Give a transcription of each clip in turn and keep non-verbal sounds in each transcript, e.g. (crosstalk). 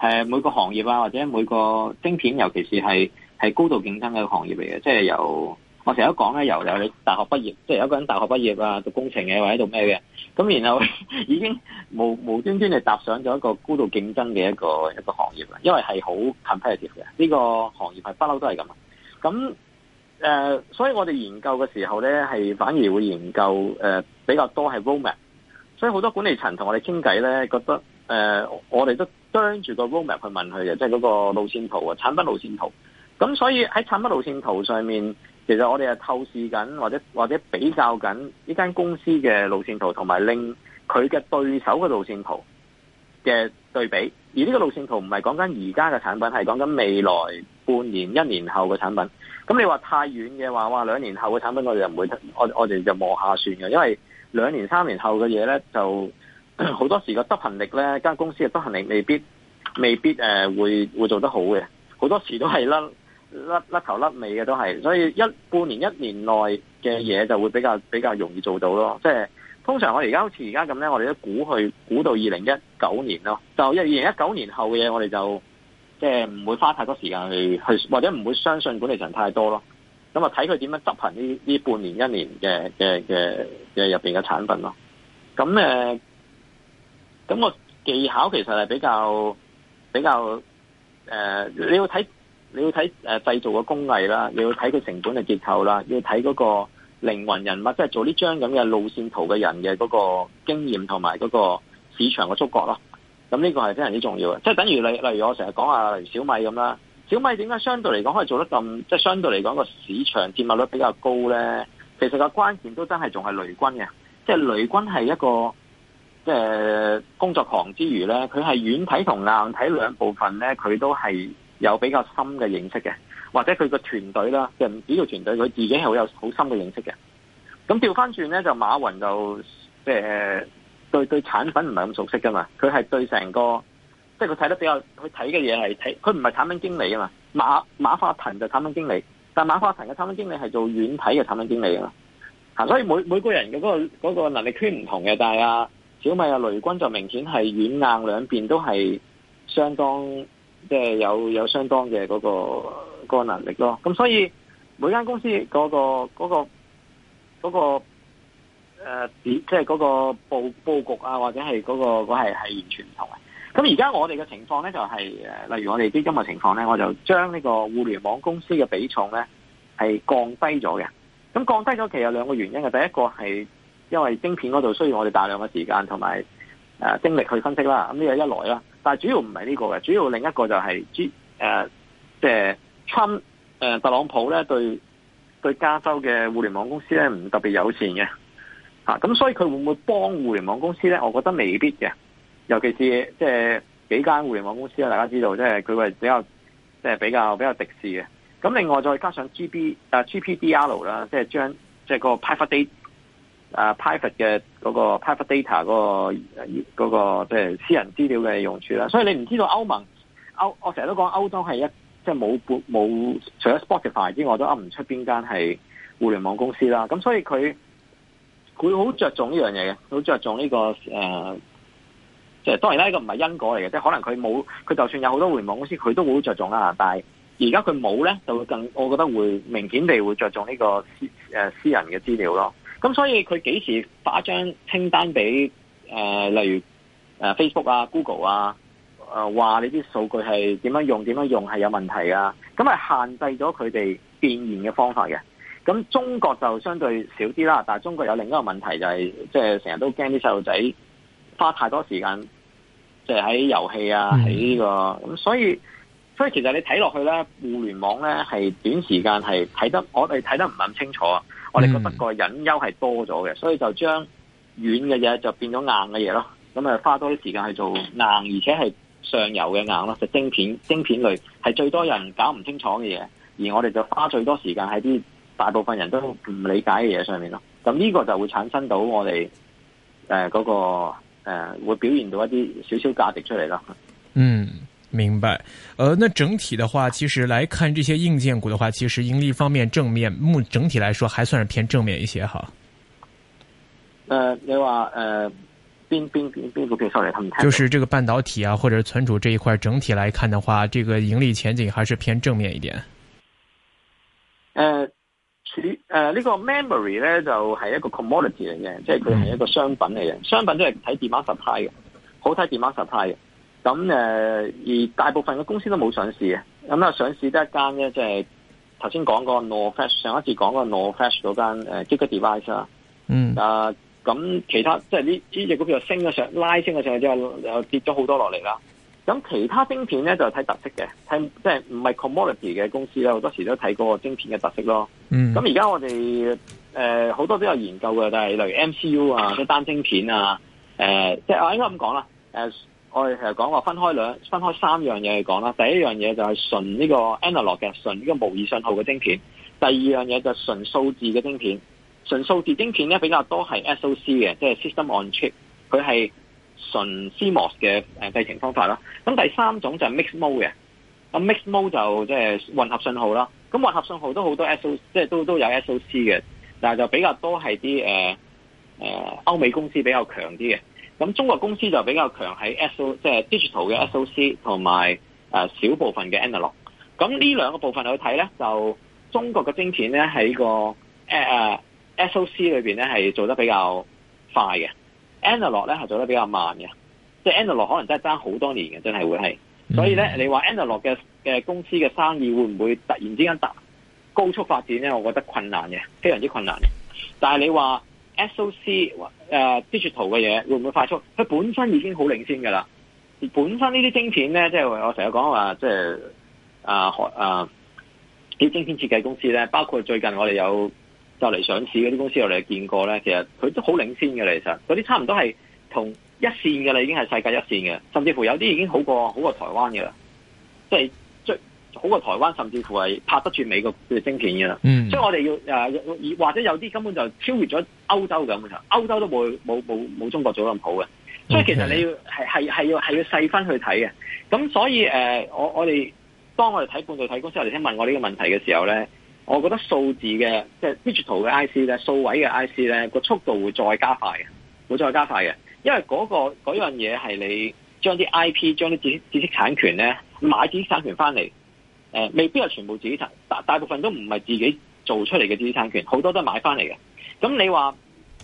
誒，每個行業啊，或者每個晶片，尤其是係係高度競爭嘅行業嚟嘅，即係由我成日都講咧，由由你大學畢業，即係有一個人大學畢業啊，讀工程嘅或者做咩嘅，咁然後呵呵已經無無端端地踏上咗一個高度競爭嘅一個一個行業啦，因為係好 competitive 嘅呢、這個行業係不嬲都係咁啊，咁誒、呃，所以我哋研究嘅時候咧，係反而會研究誒、呃、比較多係 woman，所以好多管理層同我哋傾偈咧，覺得誒、呃、我哋都。跟住個 roadmap 去問佢嘅，即係嗰個路線圖啊，產品路線圖。咁所以喺產品路線圖上面，其實我哋係透視緊，或者或者比較緊呢間公司嘅路線圖，同埋令佢嘅對手嘅路線圖嘅對比。而呢個路線圖唔係講緊而家嘅產品，係講緊未來半年、一年後嘅產品。咁你話太遠嘅話，哇，兩年後嘅產品我哋就唔會，我我哋就望下算嘅，因為兩年、三年後嘅嘢咧就～好多時個執行力咧，間公司嘅執行力未必未必誒、啊、會會做得好嘅，好多時都係甩甩甩頭甩尾嘅都係，所以一半年一年內嘅嘢就會比較比較容易做到咯。即係通常我哋而家好似而家咁咧，我哋都估去估到二零一九年咯，就二零一九年後嘅嘢，我哋就即係唔會花太多時間去去，或者唔會相信管理層太多咯。咁啊睇佢點樣執行呢呢半年一年嘅嘅嘅嘅入邊嘅產品咯。咁誒。啊咁個技巧其實係比較比較誒、呃，你要睇你要睇製造嘅工藝啦，你要睇佢成本嘅結構啦，你要睇嗰個靈魂人物，即係做呢張咁嘅路線圖嘅人嘅嗰個經驗同埋嗰個市場嘅觸覺咯。咁呢個係非常之重要嘅，即係等於例例如我成日講下例如小米咁啦，小米點解相對嚟講可以做得咁，即係相對嚟講個市場佔有率比較高咧？其實個關鍵都真係仲係雷軍嘅，即係雷軍係一個。即係工作狂之餘咧，佢係軟體同硬體兩部分咧，佢都係有比較深嘅認識嘅。或者佢個團隊啦，就唔止個團隊佢自己係好有好深嘅認識嘅。咁調翻轉咧，就馬雲就即係、呃、對對，對產品唔係咁熟悉噶嘛。佢係對成個即係佢睇得比較佢睇嘅嘢係睇，佢唔係產品經理啊嘛。馬馬化騰就產品經理，但馬化騰嘅產品經理係做軟體嘅產品經理啊嘛。嚇，所以每每個人嘅嗰個嗰個能力圈唔同嘅，但係阿、啊小米啊，雷軍就明顯係軟硬兩邊都係相當即係、就是、有有相當嘅嗰、那個那個能力咯。咁所以每間公司嗰、那個嗰、那個嗰、那個即係嗰個，呃就是、那個佈，佈局啊，或者係嗰、那個嗰係、那個那個、完全唔同嘅。咁而家我哋嘅情況咧，就係、是、誒，例如我哋基金嘅情況咧，我就將呢個互聯網公司嘅比重咧係降低咗嘅。咁降低咗其實兩個原因嘅，第一個係。因為晶片嗰度需要我哋大量嘅時間同埋誒精力去分析啦，咁呢個一來啦，但係主要唔係呢個嘅，主要另一個就係 G 誒，即係 Trump、呃、特朗普咧對對加州嘅互聯網公司咧唔特別友善嘅嚇，咁、啊、所以佢會唔會幫互聯網公司咧？我覺得未必嘅，尤其是即係、就是、幾間互聯網公司啊，大家知道即係佢係比較即係、就是、比較比較敵視嘅。咁另外再加上 GB 誒 GPDR 啦，即係將即係個 private 啊、uh，private 嘅嗰、那個 private data 嗰、那個、uh, 那個即係私人資料嘅用處啦。所以你唔知道歐盟歐，我成日都講歐洲係一即係冇冇，除咗 Spotify 之外，都噏唔出邊間係互聯網公司啦。咁所以佢佢好著重呢樣嘢嘅，好著重呢個誒，即係當然啦，呢個唔係因果嚟嘅，即係可能佢冇佢就算有好多互聯網公司，佢都會好著重啦、這個呃。但係而家佢冇咧，就會更我覺得會，覺得會明顯地會著重呢個私人嘅資料咯。咁所以佢幾時發一張清單俾誒、呃，例如 Facebook 啊、Google 啊，誒、呃、話你啲數據係點樣用、點樣用係有問題啊？咁係限制咗佢哋變現嘅方法嘅。咁中國就相對少啲啦，但中國有另一個問題就係、是，即係成日都驚啲細路仔花太多時間，即係喺遊戲啊，喺、嗯、呢、這個咁，所以所以其實你睇落去咧，互聯網咧係短時間係睇得，我哋睇得唔咁清楚啊。我哋覺得個隱憂係多咗嘅，所以就將軟嘅嘢就變咗硬嘅嘢咯。咁啊，花多啲時間去做硬，而且係上游嘅硬咯，就晶片、晶片類係最多人搞唔清楚嘅嘢，而我哋就花最多時間喺啲大部分人都唔理解嘅嘢上面咯。咁呢個就會產生到我哋誒嗰個誒、呃，會表現到一啲少少價值出嚟咯。嗯。明白，呃，那整體的話，其實來看這些硬件股的話，其實盈利方面正面，目整體來說還算是偏正面一些哈。呃，你話呃，邊邊邊邊個邊少爺他們就是這個半導體啊，或者存儲這一塊整體來看的話，這個盈利前景還是偏正面一點。呃，呃，呢、這個 memory 咧就係、是、一個 commodity 嚟嘅，即係佢係一個商品嚟嘅，嗯，商品都係睇 demand supply 嘅，好睇 demand supply 嘅。咁誒，而大部分嘅公司都冇上市嘅，咁啊上市得一間咧，即係頭先講過 Nor Flash，上一次講過 Nor Flash 嗰間誒 GigaDevice 啦，嗯、mm. 啊，咁其他即係呢呢隻股票升咗上，拉升咗上之後又跌咗好多落嚟啦。咁其他晶片咧就睇、係、特色嘅，睇即係、就、唔、係、係 commodity 嘅公司咧，好多時都睇個晶片嘅特色咯。咁而家我哋誒好多都有研究嘅，但係例如 MCU 啊，即係單晶片啊，誒即係我應該咁講啦，呃我哋其實講話分開兩分開三樣嘢嚟講啦。第一樣嘢就係純呢個 analog 嘅，純呢個模擬信號嘅晶片。第二樣嘢就係純數字嘅晶片。純數字晶片咧比較多係 SOC 嘅，即係 system on chip。佢係純 CMOS 嘅誒製程方法啦。咁第三種就係 mix mode 嘅。咁 mix mode 就即係混合信號啦。咁混合信號都好多 SOC，即係都都有 SOC 嘅，但係就比較多係啲誒誒歐美公司比較強啲嘅。咁中國公司就比較強喺 S O 即係 digital 嘅 S O C 同埋誒、呃、少部分嘅 a n a l o g，咁呢兩個部分去睇咧，就中國嘅晶片咧喺個、呃、S O C 裏面咧係做得比較快嘅 a n a l o g 呢咧係做得比較慢嘅。即、就、係、是、a n a l o g 可能真係爭好多年嘅，真係會係。所以咧，你話 a n a l o g 嘅嘅公司嘅生意會唔會突然之間達高速發展咧？我覺得困難嘅，非常之困難嘅。但係你話。SOC 或、uh, digital 嘅嘢會唔會快速？佢本身已經好領先㗎啦。本身呢啲晶片咧，即係我成日講話，即係啊啊啲晶片設計公司咧，包括最近我哋有就嚟上市嗰啲公司，我哋見過咧，其實佢都好領先嘅啦。其實嗰啲差唔多係同一線嘅啦，已經係世界一線嘅，甚至乎有啲已經好過好過台灣嘅啦，即係。好過台灣，甚至乎係拍得住美國嘅晶片嘅啦、嗯。所以我哋要誒，而或者有啲根本就超越咗歐洲咁嘅，歐洲都冇冇冇冇中國做得咁好嘅。所以其實你要係係係要係要細分去睇嘅。咁所以誒、呃，我我哋當我哋睇半導體公司我哋聽問我呢個問題嘅時候咧，我覺得數字嘅即係 digital 嘅 IC 咧，數位嘅 IC 咧，個速度會再加快嘅，會再加快嘅，因為嗰、那個嗰樣嘢係你將啲 IP 將啲知識知識產權咧買知識產權翻嚟。誒，未必係全部自己產，大大部分都唔係自己做出嚟嘅知識產權，好多都係買翻嚟嘅。咁你話，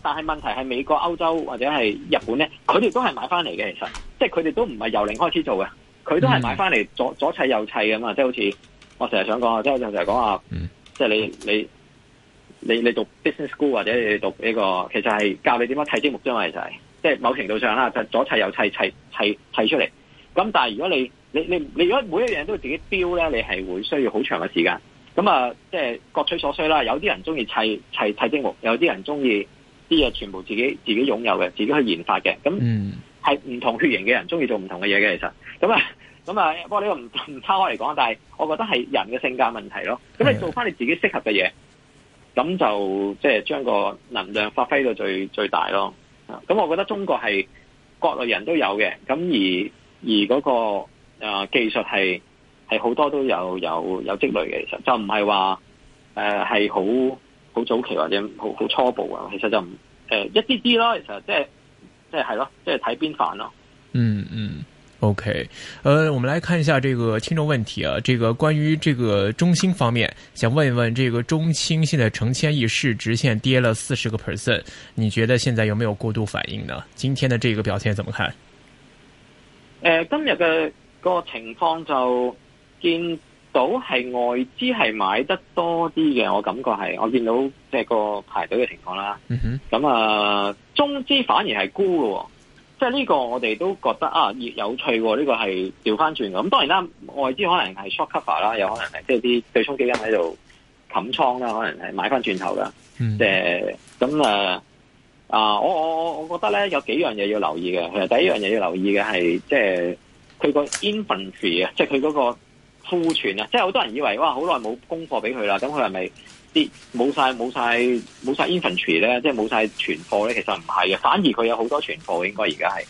但係問題係美國、歐洲或者係日本咧，佢哋都係買翻嚟嘅。其實，即係佢哋都唔係由零開始做嘅，佢都係買翻嚟左左砌右砌咁嘛。即係好似我成日想講啊，即係我成日講話，即係你你你你讀 business school 或者你讀呢個，其實係教你點樣砌積木。啫嘛，其實係，即係某程度上啦，就左砌右砌砌砌砌出嚟。咁但係如果你你你你如果每一樣都要自己標咧，你係會需要好長嘅時間。咁啊，即係各取所需啦。有啲人中意砌砌砌積木，有啲人中意啲嘢全部自己自己擁有嘅，自己去研發嘅。咁係唔同血型嘅人中意做唔同嘅嘢嘅，其實咁啊咁啊。不過呢個唔唔差開嚟講，但係我覺得係人嘅性格問題咯。咁你做翻你自己適合嘅嘢，咁、嗯、就即係將個能量發揮到最最大咯。咁我覺得中國係國內人都有嘅，咁而而嗰個。啊、呃，技術係係好多都有有有積累嘅，其實就唔係話誒係好好早期或者好好初步啊，其實就唔誒、呃、一啲啲咯，其實即係即係係咯，即係睇邊反咯。嗯嗯，OK，誒、呃，我們來看一下這個聽眾問題啊，這個關於這個中興方面，想問一問，這個中興現在成千億市值線跌了四十個 percent，你覺得現在有沒有過度反應呢？今天的這個表現怎麼看？誒、呃，今日嘅。那個情況就見到係外資係買得多啲嘅，我感覺係我見到即係個排隊嘅情況啦。咁、mm-hmm. 啊，中資反而係沽嘅，哦，即係呢個我哋都覺得啊，越有趣喎。呢、呢個係調翻轉咁當然啦，外資可能係 short cover 啦，有可能係即係啲對沖基金喺度冚倉啦，可能係買翻轉頭㗎。即係咁啊啊！我我我我覺得咧有幾樣嘢要留意嘅。其實第一樣嘢要留意嘅係即係。就是佢個 inventory 啊，即係佢嗰個庫存啊，即係好多人以為哇，好耐冇供貨俾佢啦，咁佢係咪啲冇晒冇晒冇晒 inventory 咧？即係冇晒存貨咧？其實唔係嘅，反而佢有好多存貨應該而家係。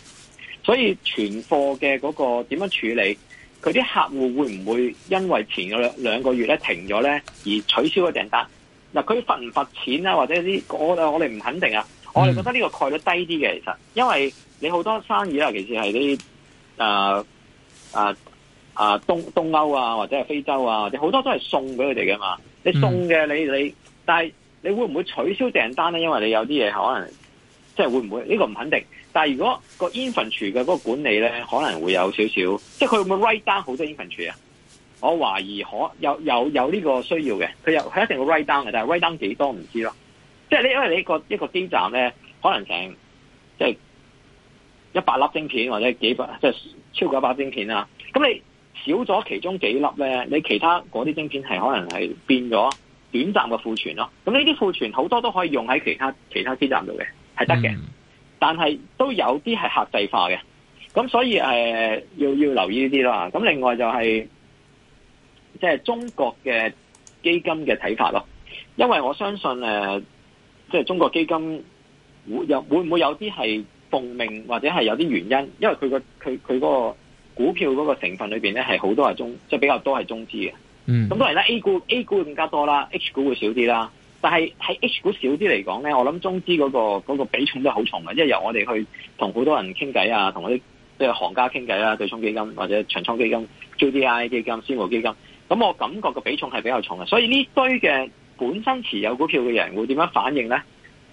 所以存貨嘅嗰個點樣處理？佢啲客戶會唔會因為前兩兩個月咧停咗咧而取消個訂單？嗱，佢罰唔罰錢啊？或者啲我我哋唔肯定啊，我哋覺得呢個概率低啲嘅，其實因為你好多生意啦，其實是係啲誒啊啊東東歐啊或者係非洲啊，好多都係送俾佢哋嘅嘛。你送嘅你你，你，但係你會唔會取消訂單咧？因為你有啲嘢，可能即係會唔會呢個唔肯定。但係如果個 inventory 嘅嗰個管理咧，可能會有少少，即係佢會唔會 write down 好多 inventory 啊？我懷疑可有有有呢個需要嘅，佢又佢一定會 write down 嘅，但係 write down 幾多唔知咯。即係你因為你個一個基站咧，可能成即係。一百粒晶片或者幾百，即係超過一百晶片啊！咁你少咗其中幾粒咧，你其他嗰啲晶片係可能係變咗短暫嘅庫存咯。咁呢啲庫存好多都可以用喺其他其他基站度嘅，係得嘅。但係都有啲係客製化嘅，咁所以誒、呃、要要留意呢啲啦。咁另外就係即係中國嘅基金嘅睇法咯，因為我相信誒即係中國基金會有會唔會有啲係。奉命或者係有啲原因，因為佢個佢佢嗰個股票嗰個成分裏邊咧係好多係中，即係比較多係中資嘅。咁、嗯、當然啦，A 股 A 股會更加多啦，H 股會少啲啦。但係喺 H 股少啲嚟講咧，我諗中資嗰個嗰個比重都好重嘅，因為由我哋去同好多人傾偈啊，同嗰啲即係行家傾偈啦，對沖基金或者長倉基金、QDII 基金、私募基金。咁我感覺個比重係比較重嘅，所以呢堆嘅本身持有股票嘅人會點樣反應咧？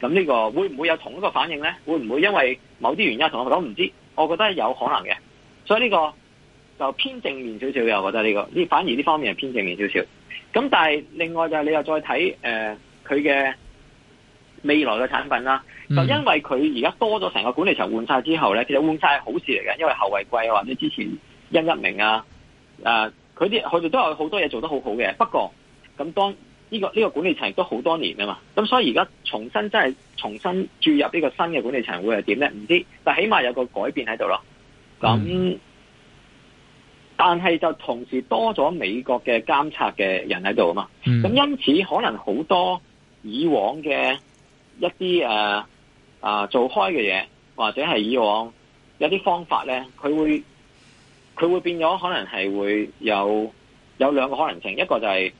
咁呢個會唔會有同一個反應呢？會唔會因為某啲原因同我講唔知？我覺得係有可能嘅，所以呢個就偏正面少少，我覺得呢、這個，呢反而呢方面係偏正面少少。咁但係另外就係、是、你又再睇誒佢嘅未來嘅產品啦。嗯、就因為佢而家多咗成個管理層換曬之後呢，其實換曬係好事嚟嘅，因為侯為貴啊或者之前殷一民啊誒，佢啲佢哋都有好多嘢做得好好嘅。不過咁當呢、這個呢、這個管理層亦都好多年啊嘛，咁所以而家重新真係重新注入呢個新嘅管理層會係點呢？唔知，但起碼有個改變喺度咯。咁、嗯嗯，但係就同時多咗美國嘅監察嘅人喺度啊嘛。咁、嗯、因此可能好多以往嘅一啲誒啊做開嘅嘢，或者係以往有啲方法呢，佢會佢會變咗，可能係會有有兩個可能性，一個就係、是。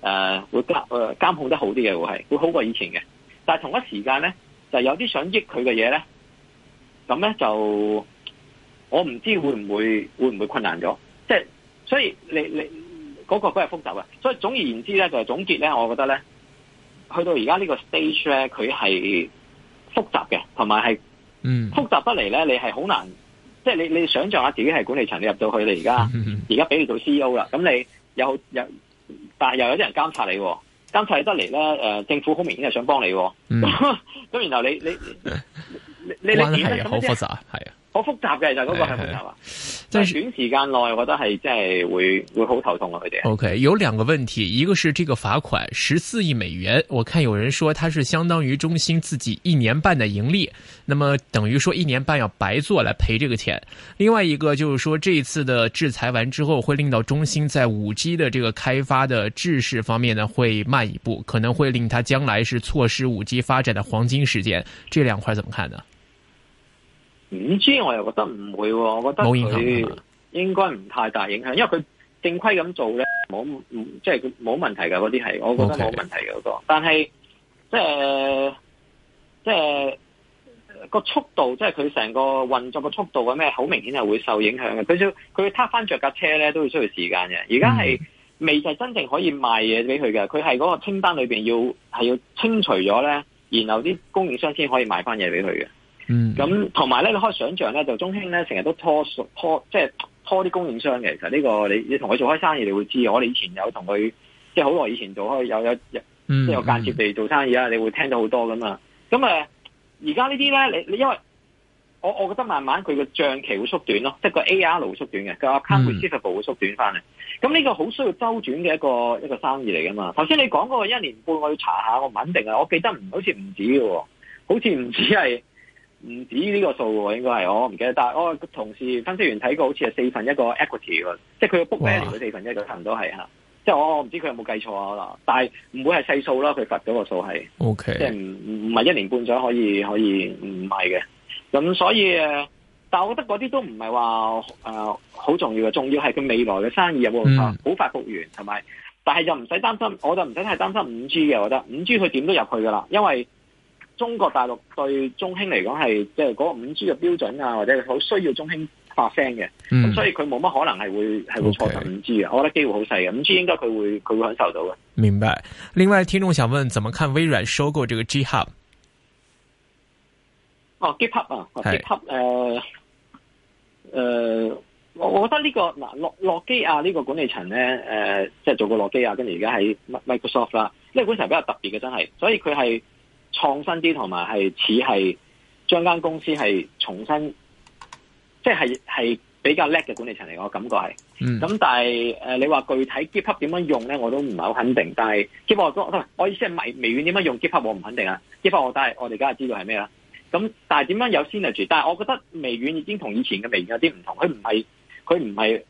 誒、呃，會監誒監控得好啲嘅會係，會好過以前嘅。但係同一時間咧,就有啲想益佢嘅嘢咧，咁咧就我唔知會唔會會唔會困難咗。即係所以你你嗰、那個都係複雜嘅。所以總而言之咧，就係、是、總結咧，我覺得咧，去到而家呢個 stage 咧，佢係複雜嘅，同埋係嗯複雜得嚟咧，你係好難，即係你你想象下自己係管理層，你入到去你而家，而家俾你做 CEO 啦，咁你有有。但係又有啲人監察你，監察你得嚟咧，誒、呃、政府好明顯係想幫你，咁、嗯、 (laughs) 然後你你你 (laughs) 關係啊，好複雜，係啊。好複雜嘅就嗰個係複雜啊，但係短時間內我覺得係即係會會好頭痛啊佢哋。OK，有兩個問題，一個是這個罰款十四億美元，我看有人說它是相當於中興自己一年半的盈利，那麼等於說一年半要白做來賠這個錢。另外一個就是說，這一次的制裁完之後，會令到中興在五 G 的這個開發的制式方面呢會慢一步，可能會令他將來是錯失五 G 發展的黃金時間。這兩塊怎麼看呢？唔知我又覺得唔會，我覺得佢應該唔太大影響，因為佢正規咁做咧，冇即係冇問題噶。嗰啲係我覺得冇問題㗎。嗰、okay. 個。但係即係即係個速度，即係佢成個運作嘅速度嘅咩，好明顯係會受影響嘅。佢要佢要撻翻著架車咧，都會需要時間嘅。而家係未就係真正可以賣嘢俾佢嘅，佢係嗰個清單裏邊要係要清除咗咧，然後啲供應商先可以賣翻嘢俾佢嘅。咁同埋咧，你可以想象咧，就中興咧，成日都拖拖，即係拖啲供應商嘅。其實呢個你你同佢做開生意，你會知。我哋以前有同佢，即係好耐以前做開有有即係有間接地做生意啊，你會聽到好多噶嘛。咁誒，而、呃、家呢啲咧，你你因為我我覺得慢慢佢個帳期會縮短咯，即係個 AR 會縮短嘅，個 account receivable 會縮短翻嚟。咁呢、嗯、個好需要周轉嘅一個一個生意嚟噶嘛。頭先你講嗰個一年半，我要查下，我唔肯定啊。我記得唔好似唔止嘅，好似唔止係。唔止呢個數喎，應該係我唔記得，但係我同事分析員睇過，好似係四分一個 equity 喎，即係佢嘅 book value 嘅四分一個，可能都係吓。即係我我唔知佢有冇計錯啦，但係唔會係細數啦，佢罰咗個數係。Okay，即係唔唔係一年半載可以可以唔買嘅。咁所以誒，但係我覺得嗰啲都唔係話誒好重要嘅，重要係佢未來嘅生意有冇好快復原係咪？但係又唔使擔心，我就唔使太擔心五 G 嘅，我覺得五 G 佢點都入去㗎啦，因為。中國大陸對中興嚟講係即係嗰個五 G 嘅標準啊，或者好需要中興發聲嘅，咁、嗯、所以佢冇乜可能係會係會錯失五 G 嘅，okay。我覺得機會好細嘅，五 G 應該佢會佢會享受到嘅。明白。另外，聽眾想問，怎麼看微軟收購這個 GitHub？哦，GitHub 啊，GitHub，我、呃呃、我覺得呢、這個嗱，諾諾基亞呢個管理層咧，誒、呃，即、就、係、是、做過諾基亞，跟住而家喺 Microsoft 啦，呢個管理層比較特別嘅真係，所以佢係。創新啲同埋係似係將間公司係重新，即係係比較叻嘅管理層嚟，我感覺係。咁、嗯、但係誒、呃，你話具體 GitHub 點樣用咧，我都唔係好肯定。但係 GitHub 我我意思係微微軟點樣用 GitHub，我唔肯定啊。GitHub 我但係我哋而家知道係咩啦。咁但係點樣有 synergy 但係我覺得微軟已經同以前嘅微軟有啲唔同，佢唔係佢唔係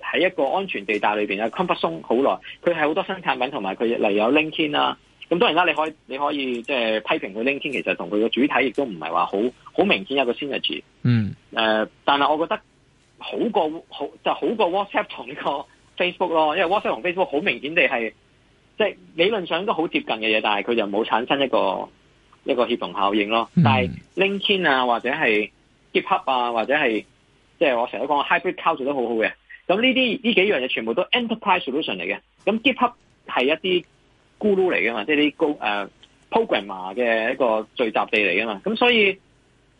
喺一個安全地帶裏邊啊，comfort zone 好耐。佢係好多新產品，同埋佢嚟有，有 LinkedIn 咁當然啦，你可以你可以即係批評佢 LinkedIn 其實同佢個主體亦都唔係話好好明顯一個 synergy。嗯。呃、但係我覺得好過好就好過 WhatsApp 同呢個 Facebook 咯，因為 WhatsApp 同 Facebook 好明顯地係即係理論上都好接近嘅嘢，但係佢就冇產生一個一個協同效應咯。嗯、但係 LinkedIn 啊，或者係 GitHub 啊，或者係即係我成日都講 hybrid cloud 做得好好嘅。咁呢啲呢幾樣嘢全部都 enterprise solution 嚟嘅。咁 GitHub 係一啲。咕嚕嚟嘅嘛，即係啲高誒 programmer 嘅一個聚集地嚟嘅嘛，咁所以誒、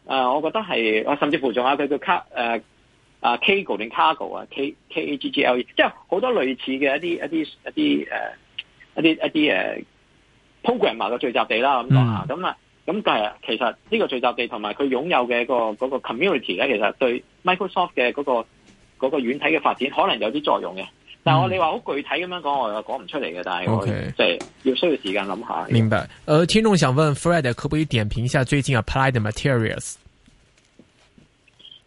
uh, 我覺得係，我、啊、甚至乎仲有佢嘅卡誒啊 k a g、uh, o 定 Cargo 啊，K K A G G L E，即係好多類似嘅一啲一啲一啲、uh, 一啲一啲誒 programmer 嘅聚集地啦咁講嚇，咁、mm-hmm. 啊，咁但係其實呢個聚集地同埋佢擁有嘅個嗰、嗰個 community 咧，其實對 Microsoft 嘅嗰、嗰個嗰、嗰個軟體嘅發展可能有啲作用嘅。但係我你話好具體咁樣講，我又講唔出嚟嘅。但係 OK 即係要需要時間諗下。明白。呃，聽眾想問 Fred，可唔可以點評一下最近 Applied Materials？Applied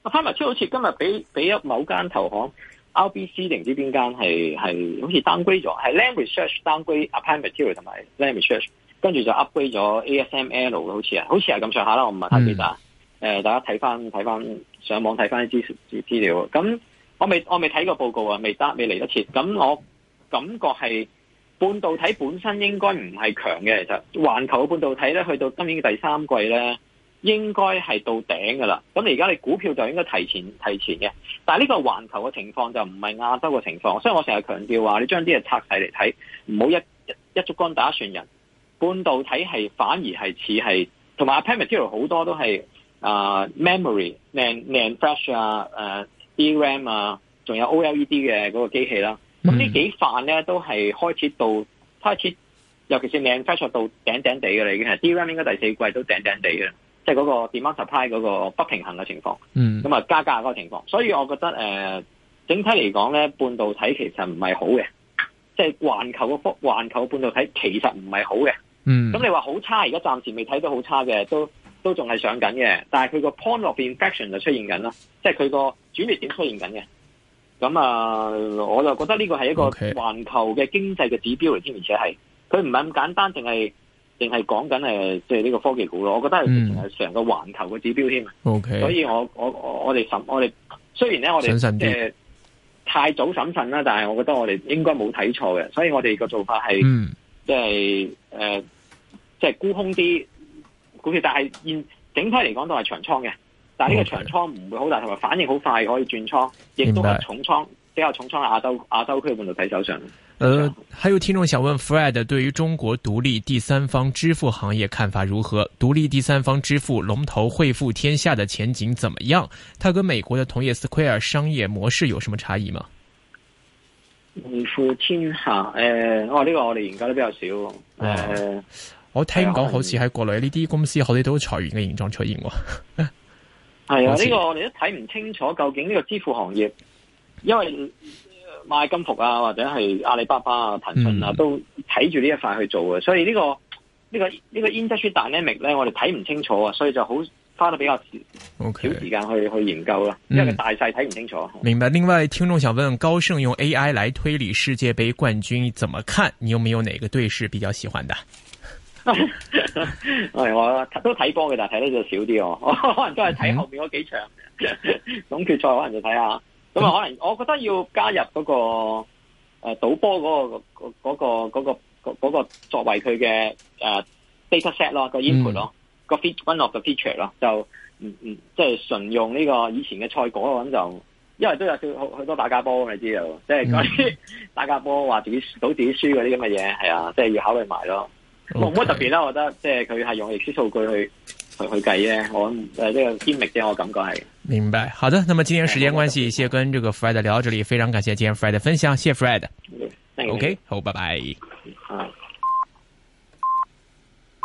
Materials 好似今日俾俾一某間投行 RBC 定唔知邊間係係好似 downgrade 咗，係 Lam Research downgrade Applied Materials 同埋 Lam Research，跟住就 upgrade 咗 ASML 好似啊，好似係咁上下啦。我問下記者，誒、嗯呃，大家睇翻睇翻上網睇翻啲資資資料，咁。我未我未睇過報告啊，未得未嚟得切。咁我感覺係半導體本身應該唔係強嘅，其實環球嘅半導體咧，去到今年嘅第三季咧，應該係到頂噶啦。咁你而家你股票就應該提前提前嘅。但係呢個環球嘅情況就唔係亞洲嘅情況，所以我成日強調話，你將啲嘢拆晒嚟睇，唔好一一一竹竿打一船人。半導體係反而係似係，同埋 p 啊，material 好多都係、uh, memory、nan nan flash 啊，uh, DRAM 啊，仲有 OLED 嘅嗰個機器啦，咁呢幾範咧都係開始到開始，尤其是名飛索到頂頂地嘅啦，已經係 DRAM 應該第四季都頂頂地嘅，即係嗰個 demand supply 嗰個不平衡嘅情況，咁、嗯、啊加價嗰個情況，所以我覺得誒、呃、整體嚟講咧，半導體其實唔係好嘅，即係環球個幅環球半導體其實唔係好嘅，咁、嗯、你話好差而家暫時未睇到好差嘅都。都仲係上緊嘅，但係佢個 point of infection 就出現緊啦，即係佢個轉捩點出現緊嘅。咁、嗯、啊，我就覺得呢個係一個環球嘅經濟嘅指標嚟添，而且係佢唔係咁簡單，淨係淨係講緊即係呢個科技股咯。我覺得係成個環球嘅指標添。嗯、o、okay, K，所以我我我哋審我哋雖然咧，我哋、呃、太早審慎啦，但係我覺得我哋應該冇睇錯嘅，所以我哋個做法係、嗯呃、即係即係沽空啲，股票，但係現整體嚟講都係長倉嘅，但係呢個長倉唔會好大，同埋反應好快，可以轉倉，亦都係重倉，比較重倉喺亞洲亞洲區嘅半導體手上。呃，還有聽眾想問 Fred 對於中國獨立第三方支付行業看法如何？獨立第三方支付龍頭匯付天下的前景怎麼樣？它跟美國的同業 Square 商業模式有什麼差異嗎？匯付天下，誒、呃、我、哦、呢、這個我哋研究得比較少，誒。呃我聽講、哎哎，好似喺國內呢啲公司可以都裁員嘅現狀出現。係啊，呢個我哋都睇唔清楚，究竟呢個支付行業，因為賣金服啊，或者係阿里巴巴啊、騰訊啊，嗯、都睇住呢一塊去做嘅，所以呢、呢個呢、呢個呢、呢個 industry dynamic 咧，我哋睇唔清楚啊，所以就好花得比較少少時間去 okay, 去研究啦、嗯，因為大細睇唔清楚。明白。另外，聽眾想問高盛用 A I 嚟推理世界杯冠軍，怎麼看？你有冇有哪個隊是比較喜歡的？係 (laughs) 我都睇波嘅，但係睇得就少啲。我可能都係睇後面嗰幾場、嗯、 (laughs) 總決賽，可能就睇下。咁啊，可能我覺得要加入嗰、嗰個誒賭波嗰個嗰嗰、嗰個嗰、嗰個、嗰個嗰個作為佢嘅誒 data set 咯，個、呃、input 咯，個 feat、one of the feature 咯，就唔唔即係純用呢個以前嘅賽果咁就，因為都有少好多打假波，你知道，即係嗰啲打假波話、嗯、 (laughs) 自己賭自己輸嗰啲咁嘅嘢，係啊，即、就、係、是、要考慮埋咯。冇、okay. 乜特別啦，我覺得，即係佢係用歷史數據去去去計咧，我誒呢、呃這個堅秘啫，我感覺係。明白，好的，那麼今天時間關係，先謝謝跟這個 Fred 聊到這裡，非常感謝今天 Fred 的分享，謝，謝 Fred。o、okay, k、okay, 好，拜拜。啊